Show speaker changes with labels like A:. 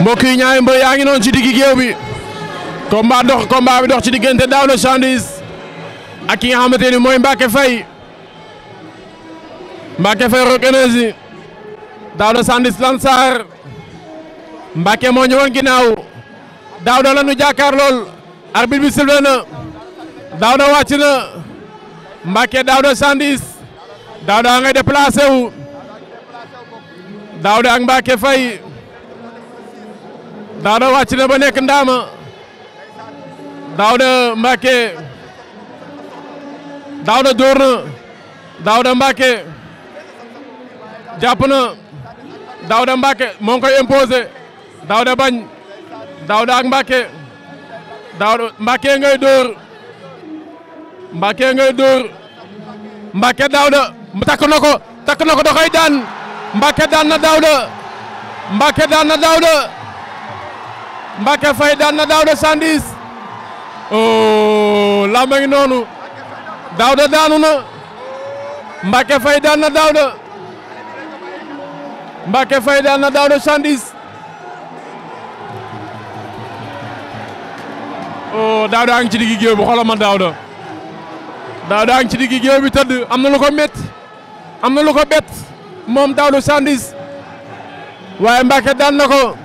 A: mbokk yi ñaari mbër yaa ngi noonu ci diggi géew bi combat dox combat bi dox ci diggante da Sandwich ak ki nga xamante ni mooy Mbacke Faye Mbacke Faye Rock Énergie Daouda Sandwich Lansar Mbacke moo ñëwoon ginnaaw Daouda la nu jàkkaar lool arbitre bi sifflé na Daouda wàcc na Mbacke Daouda Sandwich Daouda ngay déplacé Daouda ak Mbacké Faye Daouda wàcc na ba nekk ndaama Daouda Mbacké Daouda dóor na Daouda Mbacké jàpp na Daouda Mbacké moo ngi koy imposé Daouda bañ Daouda ak Mbacké Daouda Mbacké ngay dóor Mbacké ngay dóor Mbacké Daouda takk na ko takk na ko da koy daan Mbacke daan na Daouda Mbacke daan na Daouda Mbacke Faye daan na oh, ngi noonu Daouda daanu na mbake Faye daan na Daouda Mbacke Faye daan na Daouda oh, ngi ci diggi géew bi xoolal ma Daouda Daouda ci diggi géew bi tëdd am na lu ko métti am na lu ko bett. moom Daouda Sandwich waaye Mbacke daal na ko